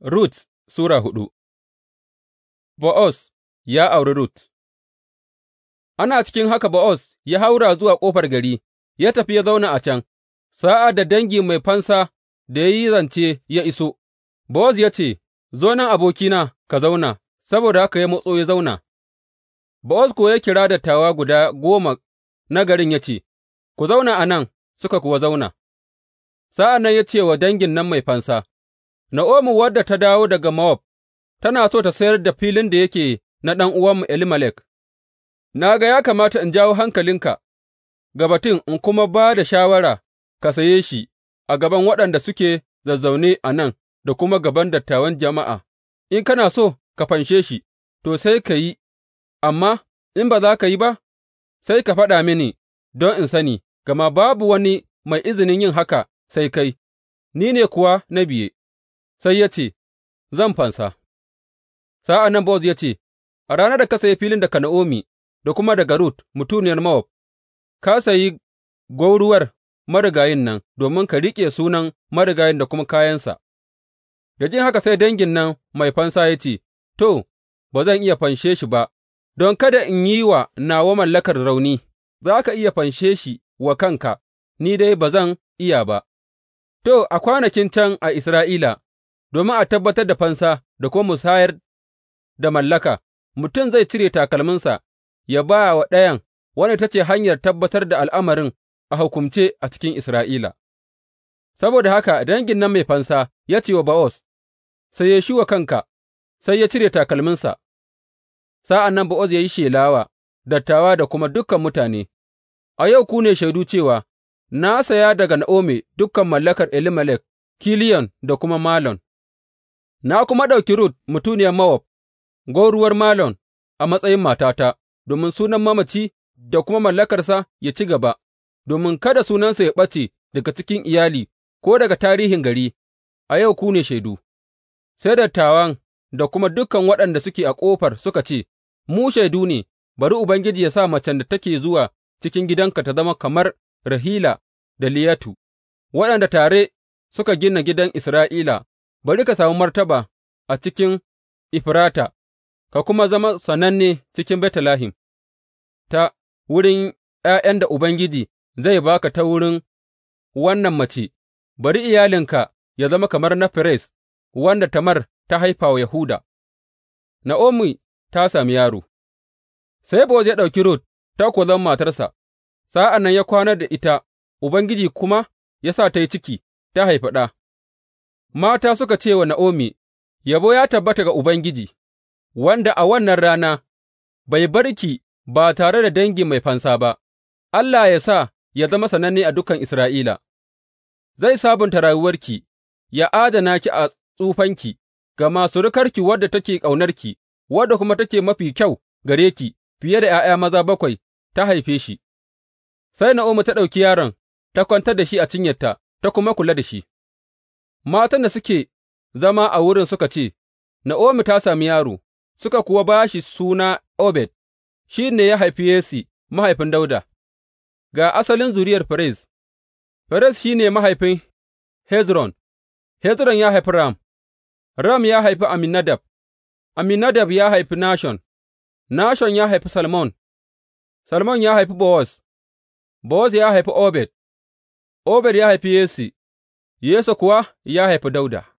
Rut Sura hudu bo'os ya auri Rut Ana cikin haka bo'os ya haura zuwa ƙofar gari, ya tafi ya zauna a can, sa'ad da dangi mai fansa da ya yi zance ya iso, boos ya ce, Zo nan abokina ka zauna, saboda haka ya matso ya zauna. bo'os kuwa ya kira dattawa guda goma na garin ya ce, Ku zauna a nan, suka kuwa zauna. Sa'an nan ya ce wa dangin nan mai fansa. Na'omi, wadda ta dawo daga Mowab, tana so ta sayar da filin da yake na ɗan'uwanmu Elimelek, na ga ya kamata in jawo hankalinka ga batun in kuma ba da shawara ka saye shi a gaban waɗanda suke zazzaune a nan da kuma gaban dattawan jama'a, in kana so ka fanshe shi, to, sai ka yi, amma in ba za ka yi ba, sai ka faɗa mini don in sani, gama babu wani mai izinin yin haka sai kai, ni ne kuwa na biye. sai ya ce, Zan fansa. Sa'an nan Bowaz ya ce, A ranar da ka sayi filin daga Na'omi da kuma daga Rut mutuniyar Mawab, ka sayi gwauruwar marigayin nan domin ka riƙe sunan marigayin da kuma kayansa. Da jin haka sai dangin nan mai fansa ya ce, To, ba zan iya fanshe shi ba, don kada in yi wa nawa mallakar rauni, za ka iya fanshe shi wa kanka, ni dai ba zan iya ba. To, a kwanakin can a Isra'ila, domin a tabbatar da fansa da kuma musayar da mallaka, mutum zai cire takalminsa ya ba wa ɗayan, wani ta ce hanyar tabbatar da al'amarin a hukumce a cikin Isra'ila. Saboda haka dangin nan mai fansa ya ce wa Ba'os, sai ya shuwa wa kanka, sai ya cire takalminsa, sa'an nan Ba'os ya yi shelawa, dattawa da kuma dukan mutane, A yau ku ne shaidu cewa, Na saya daga Na'omi dukan mallakar Elimelek, Kiliyon da kuma Malon. Na kuma ɗauki Rut mutuniyar Mowab, gwauruwar Malon a matsayin matata, domin sunan mamaci da kuma mallakarsa ya ci gaba, domin kada sunansa ya ɓace daga cikin iyali ko daga tarihin gari, a yau ku ne shaidu. Sai dattawan da kuma dukan waɗanda suke a ƙofar suka ce, Mu shaidu ne, bari Ubangiji ya sa macen da take zuwa cikin gidanka ta zama kamar Rahila da Liyatu, waɗanda tare suka gina gidan Isra'ila Bari ka sami martaba a cikin Efrata, ka kuma zama sananne cikin Betlehem, ta wurin ’ya'yan da Ubangiji zai ba ka ta wurin wannan mace, bari iyalinka ya zama kamar na Fires wanda Tamar ta haifa wa Yahuda. Na'omi ta sami yaro Sai Boz ya ɗauki Rut ta kuwa zama matarsa, sa'an nan ya kwana da ita, Ubangiji kuma ya sa ta yi ciki, ta haifi ɗa. Mata suka ce wa Na'omi, Yabo ya tabbata ga Ubangiji, wanda a wannan rana bai barki ba tare da dangi mai fansa ba, Allah ya sa ya zama sananne a dukan Isra'ila, zai sabunta rayuwarki, ya adana ki a tsufanki, gama surukarki wadda take ƙaunarki, wadda kuma take mafi kyau gare ki fiye da ’ya'ya maza bakwai ta haife shi. Sai Na'omi ta ɗauki yaron, ta kwantar da shi a cinyarta, ta kuma kula da shi. Matan da suke zama a wurin suka ce, Na'omi ta sami yaro, suka kuwa ba shi suna Obed, shi ne ya haifi Yesse mahaifin dauda Ga asalin zuriyar Ferez, Ferez shi ne mahaifin Hezron, Hezron ya haifi Ram, Ram ya haifi Aminadab, Aminadab ya haifi Nashon, Nashon ya haifi Salmon, Salmon ya haifi Bowaz, Bowaz ya haifi Obed, Obed ya haifi Yesse, Yesse kuwa ya haifi Dawuda.